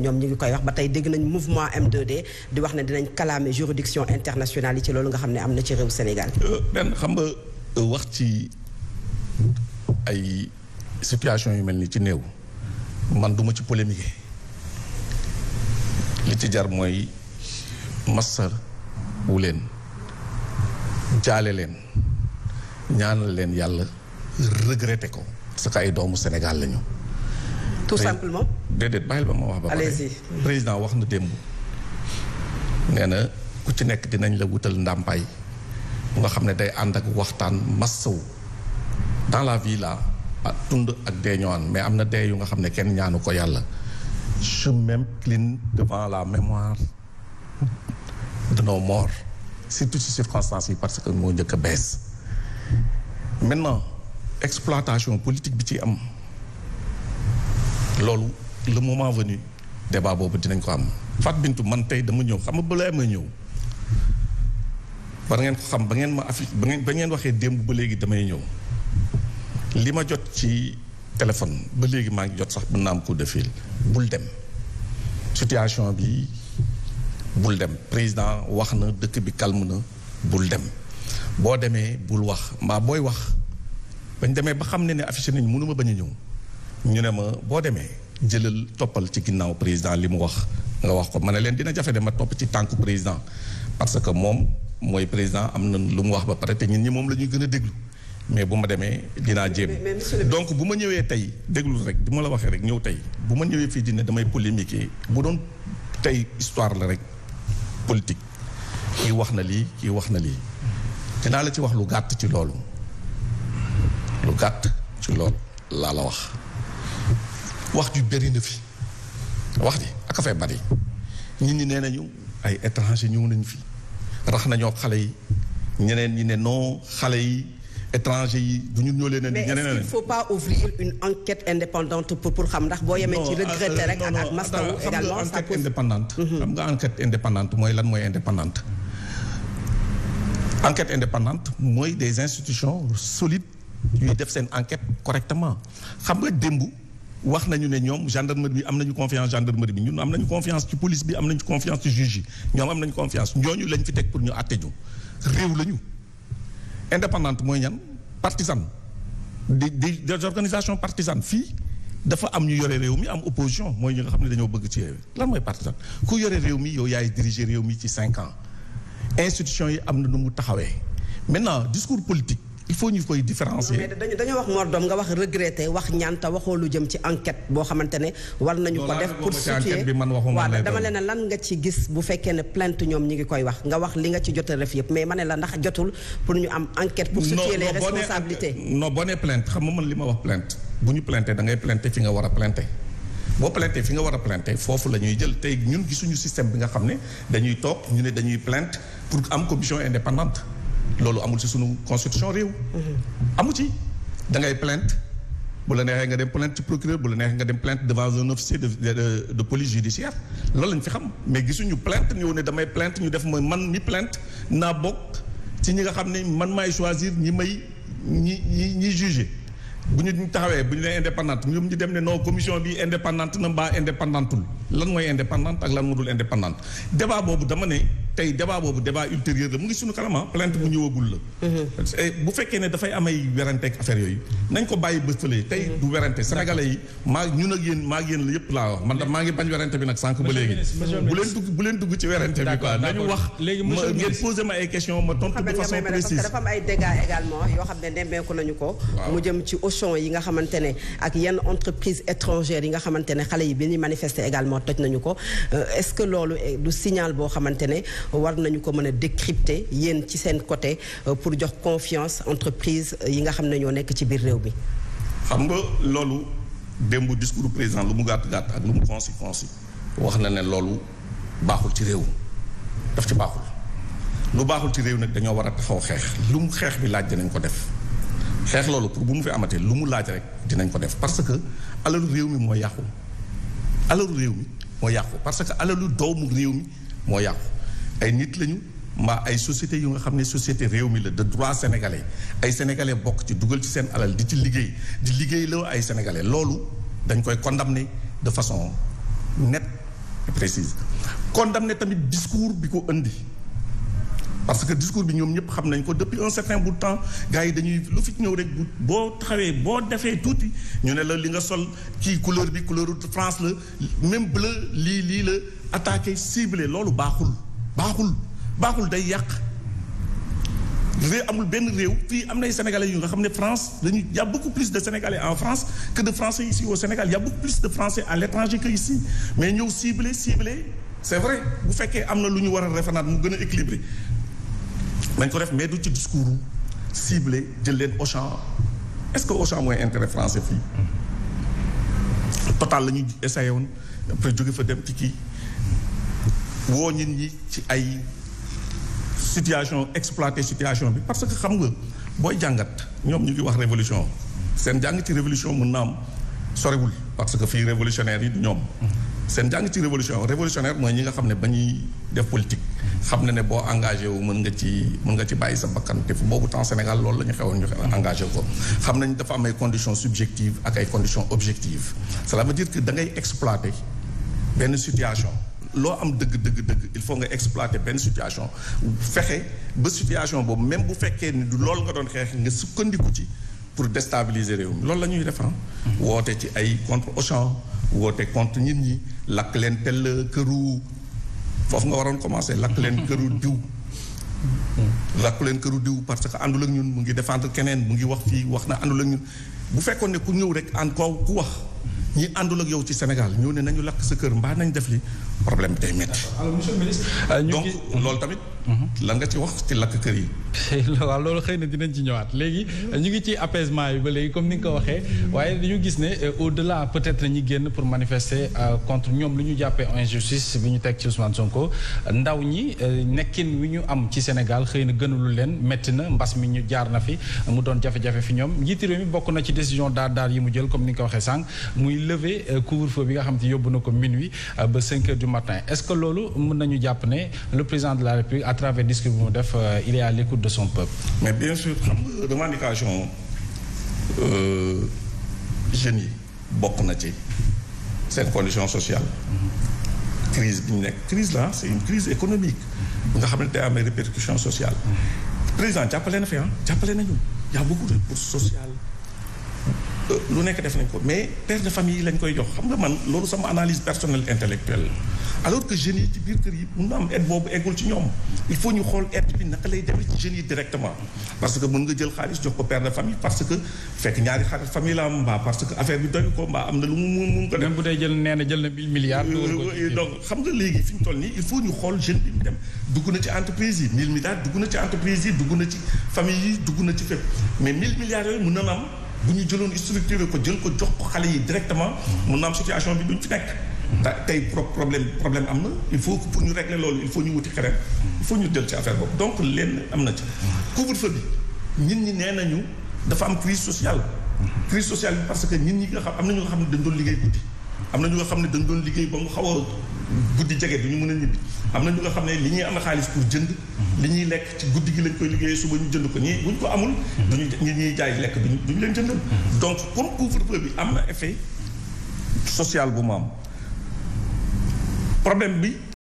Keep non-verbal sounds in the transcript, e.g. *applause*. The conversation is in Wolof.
ñoom ñu ngi koy wax ba tey dégg nañ mouvement m d di wax ne dinañ kalaame juridiction internationale yi ci loolu nga xam ne am na ci réew Sénégal. Euh, benn xam nga euh, wax ci ay situation yu mel ni ci néew man duma ci polémique li ci jar mooy massar wu leen jaale leen ñaanal leen yàlla regretté ko parce que ay doomu Sénégal lañu. tout simplement. déedéet bàyyil ba ma wax président wax na démb. nee na ku ci nekk dinañ la wutal ndàmpaay bu nga xam ne day ànd ak waxtaan massawu dans la vie là tund ak dee ñoo mais am na dee yu nga xam ne kenn ñaanu ko yàlla. je m'incline devant la mémoire de nos morts surtout ci circonstances yi parce que moo njëkk a bees maintenant exploitation politique bi ci am. loolu le moment venu debaa boobu dinañ ko am Fat Bintou man tey dama ñëw xam nga balaa ma ñëw war ngeen ko xam ba ngeen ma affiche ba ngeen ba ngeen waxee démb ba léegi damay ñëw li ma jot ci téléphone ba léegi maa ngi jot sax mën na am coup de fille bul dem situation bi bul dem président wax na dëkk bi calme na bul dem boo demee bul wax mbaa booy wax bañ demee ba xam ne ne affiché nañ mënuma bañ a ñëw ñu ne ma boo demee jëlal toppal ci ginnaaw président li mu wax nga wax ko ma ne leen dina jafe de topp ci tànk président parce que moom mooy président am na lu mu wax ba pare te ñun ñi moom lañuy gën a déglu mais bu ma demee dinaa jéem donc bu ma ñëwee tey déglu rek di ma la waxee rek ñëw tey bu ma ñëwee fii dina damay polémique bu doon tey histoire la rek politique kii wax na lii kii wax na lii dinaa la ci wax lu gàtt ci loolu lu gàtt ci loolu la wax wax ju bëri na fi wax ji ak a fee bari nit ñi nee nañu ay étranger ñëw nañu fi rax nañoo xale yi ñeneen ñi ne non xale yi étranger yi bu ñu ñoo leen ne ñeneen mais il faut pas ouvrir pour xam ndax boo yemee ci regretté euh, rek ak ak mastawu également mhm. xam nga enquête indépendante mooy lan mooy indépendante enquête indépendante mooy des institutions solides yuy def seen enquête correctement xam nga démb wax nañu ne ñoom gendarmerie bi am nañu confiance gendarmerie bi ñun am nañu confiance ci police bi am nañu confiance ci juge yi ñoom am nañu confiance ñooñu lañ fi teg pour ñu àtte ñu réew lañu indépendante mooy ñan partisan des des organisations partisanes fii dafa am ñu yore réew mi am opposition mooy ñu nga xam ne dañoo bëgg ci réew lan mooy partisan ku yore réew mi yow yaay diriger réew mi ci cinq ans institution yi am na nu mu taxawee maintenant discours politique il ñu koy différencier. dañu dañu wax mor doom nga wax regretté wax ñaan te waxoo lu jëm ci enquête boo xamante ne war nañu ko def pour situer waaw dama leen lan nga ci gis bu fekkee ne plainte ñoom ngi koy wax nga wax li nga ci jota ref yëpp mais ma la ndax jotul pour ñu am enquête pour situer les responsabilités non boo nee plainte xam ma man li ma wax plainte bu ñu plainte da ngay plainte fi nga war a plainte boo plainte fi nga war a plainte foofu la ñuy jël tey ñun gisuñu système bi nga xam ne dañuy toog ñu ne dañuy plainte pour am commission indépendante loolu amul ci suñu constitution réew. Mm-hmm. amu ci da ngay plainte bu la neexee nga dem plainte ci procureur bu la neexee nga dem plainte devant un officier de de de police judiciaire loolu lañ fi xam mais gisuñu plainte ñëw ne damay plainte ñu def ma man mi plainte naa bokk ci ñi nga xam ne man maay choisir ñi may ñi ñi ñi juger bu ñu taxawee bu ñu nee indépendante ñoom ñu dem ne non commission bi indépendant na mbaa indépendantul lan mooy indépendant ak lan moo dul indépendante débat boobu dama ne. tey débat boobu débat ultérieur la mu ngi suñu kanam ah, plainte bu ñëwagul la mm-hmm. bu fekkee ne dafay amay werante ak yooyu nañ ko bàyyi bës tey mm-hmm. du werante sénégalais yi maa ñun ak yéen maa ak la yëpp laa wax man da maa ngi bañ werante bi nag sànq ba léegi bu leen dugg ci werante bi quoi nañu wax ma ngeen ma ay question ma tontu de façon précise dafa am ay dégâts également yoo xam ne nemmeeku nañu ko mu jëm ci Auchan yi nga xamante ne ak yenn entreprise étrangère yi nga xamante ne xale euh, ne war nañu ko mën a décrypter yéen ci seen côté euh, pour jox confiance entreprise euh, yi nga xam ne ñoo nekk ci biir réew bi xam nga loolu démb discours président lu mu gàtt gàtt ak lu mu consi consi wax na ne loolu baaxul ci réew daf ci baaxul lu baaxul ci réew nag dañoo war a taxaw xeex lu mu xeex bi laaj dinañ ko def xeex loolu pour bu mu fi amatee lu mu laaj rek dinañ ko def parce que alalu réew mi moo yàqu alalu réew mi moo yàqu parce que alalu doomu réew mi moo yàqu ay nit lañu mbaa ay société yu nga xam ne société réew mi la de droit sénégalais ay sénégalais bokk ci dugal ci seen alal di ci liggéey di liggéey la ay sénégalais loolu dañ koy condamner de façon nette et précise condamner tamit discours bi ko indi parce que discours bi ñoom ñëpp xam nañ ko depuis un certain bout de temps gars yi dañuy lu fi ñëw rek bu boo taxawee boo defee tuuti ñu ne la li nga sol kii couleur bi couleur de France la même bleu lii lii la attaqué ciblé loolu baaxul baaxul baaxul day yàq réew amul benn réew fii am nay sénégalais yu nga xam ne France dañu y' a beaucoup plus de sénégalais en France que de français ici au Sénégal a beaucoup plus de français à l' étranger que ici mais ñëw ciblé ciblé c' est vrai bu fekkee am na lu ñu war a refanaat mu gën a équilibré dañ ko def mais du ci discours ciblé jël leen Auchan est ce que Auchan mooy intérêt français fii total la ñuy essayé woon après jóge fa dem ci kii. woo nit ñi ci ay situation exploité situation bi parce que xam nga booy jàngat ñoom ñu ngi wax révolution seen jàng ci révolution mun na am sorewul parce que fii révolutionnaire yi ñoom seen jàng ci révolution révolutionnaire mooy ñi nga xam ne ba ñuy def politique xam na ne boo engagé wu mën nga ci mën nga ci bàyyi sa bakkan fu boobu temps Sénégal loolu la ñu xewoon ñu engagé ko xam nañ dafa am ay conditions subjectives ak ay conditions objectives cela veut dire que da ngay exploiter benn situation loo am dëgg dëgg dëgg il faut nga exploiter benn situation fexe ba situation boobu même bu fekkee ni du loolu nga doon xeex nga sukkandiku ci pour déstabiliser réew mi loolu la ñuy defar ah. woote ci ay contre Auchan woote contre nit ñi lakk leen tel këru foofu nga waroon commencer lakk leen këru diw lakk leen këru diw parce que àndul ak ñun mu ngi défendre keneen mu ngi wax fii wax na àndul ak bu fekkoon ne ku ñëw rek ànd koo ku wax ñu àndul ak yow ci Sénégal ñëw ne nañu lakk sa kër mbaa nañ def li problème bi day euh, donc loolu tamit. Mhm. la nga ci wax ci lakk kër yi. *laughs* waaw loolu xëy na dinañ ci ñëwaat léegi ñu ngi ci apaisement yi ba léegi comme ni nga ko waxee waaye ñu gis ne euh, au delà peut être ñi génn pour manifester euh, contre ñoom lu ñu jàppee injustice bi ñu teg ci Ousmane Sonko ndaw ñi euh, nekkin wi ñu am ci Sénégal xëy na gënulu leen métti na mbas mi ñu jaar na fi mu doon jafe-jafe fi ñoom njiiti réew bokk na ci décision daar daar yi mu jël comme ni nga ko waxee sànq muy lever couvre nga xam te yóbbu na ko minuit ba 5 heures du matin est ce que loolu mën nañu jàpp à travers disque bu def euh, il est de son peuple. mais bien sûr xam nga revendication euh, jeunes yi bokk na ci seen condition sociale. Mm-hmm. crise bi ñu nekk crise là c'est une crise économique. nga xam ne day am répercussions sociales. Mm-hmm. président jàppale na fi ah jàppale nañu y a beaucoup de bourses sociales. lu nekk def nañ ko mais père de famille yi lañ koy jox xam nga man loolu sama analyse personnelle intellectuelle alors que jeunes yi ci biir kër yi mun na am aide boobu eggul ci ñoom il faut ñu xool lay demee ci jeunes yi directement parce que mën nga jël xaalis jox ko père de famille am mbaa parce que affaire bi doy ko mbaa am na lu mu mun ko def même bu dee jël nee jeune bi mu dem dugg na ci entreprise yi mille milliards dugg na ci yi dugg na ci famille yi dugg na ci fépp mais mille milliards yooyu mun na am bu ñu jëloon structuré ko jël ko jox ko xale yi directement mun na am situation bi duñ fi nekk tey problème problème am na il faut que pour ñu régler loolu il faut ñu wuti xerem il faut ñu jël ci affaire boobu donc lenn am na ci couvre-feu bi nit ñi nee nañu dafa am crise sociale crise sociale bi parce que nit ñi nga xam am na ñu nga xam ne dañ doon liggéey guddi am na ñu nga xam ne dañ doon liggéey ba mu xaw a guddi jege du ñu mun a ñibbi am na ñu nga xam ne li ñuy am xaalis pour jënd li ñuy lekk ci guddi gi lañ koy liggéeyee suba ñu jënd ko ñi buñ ko amul duñu ñu ñuy jaay lekk duñ duñu leen jëndal donc pour couvre-feu bi am na effet sociale bu mu am problème bi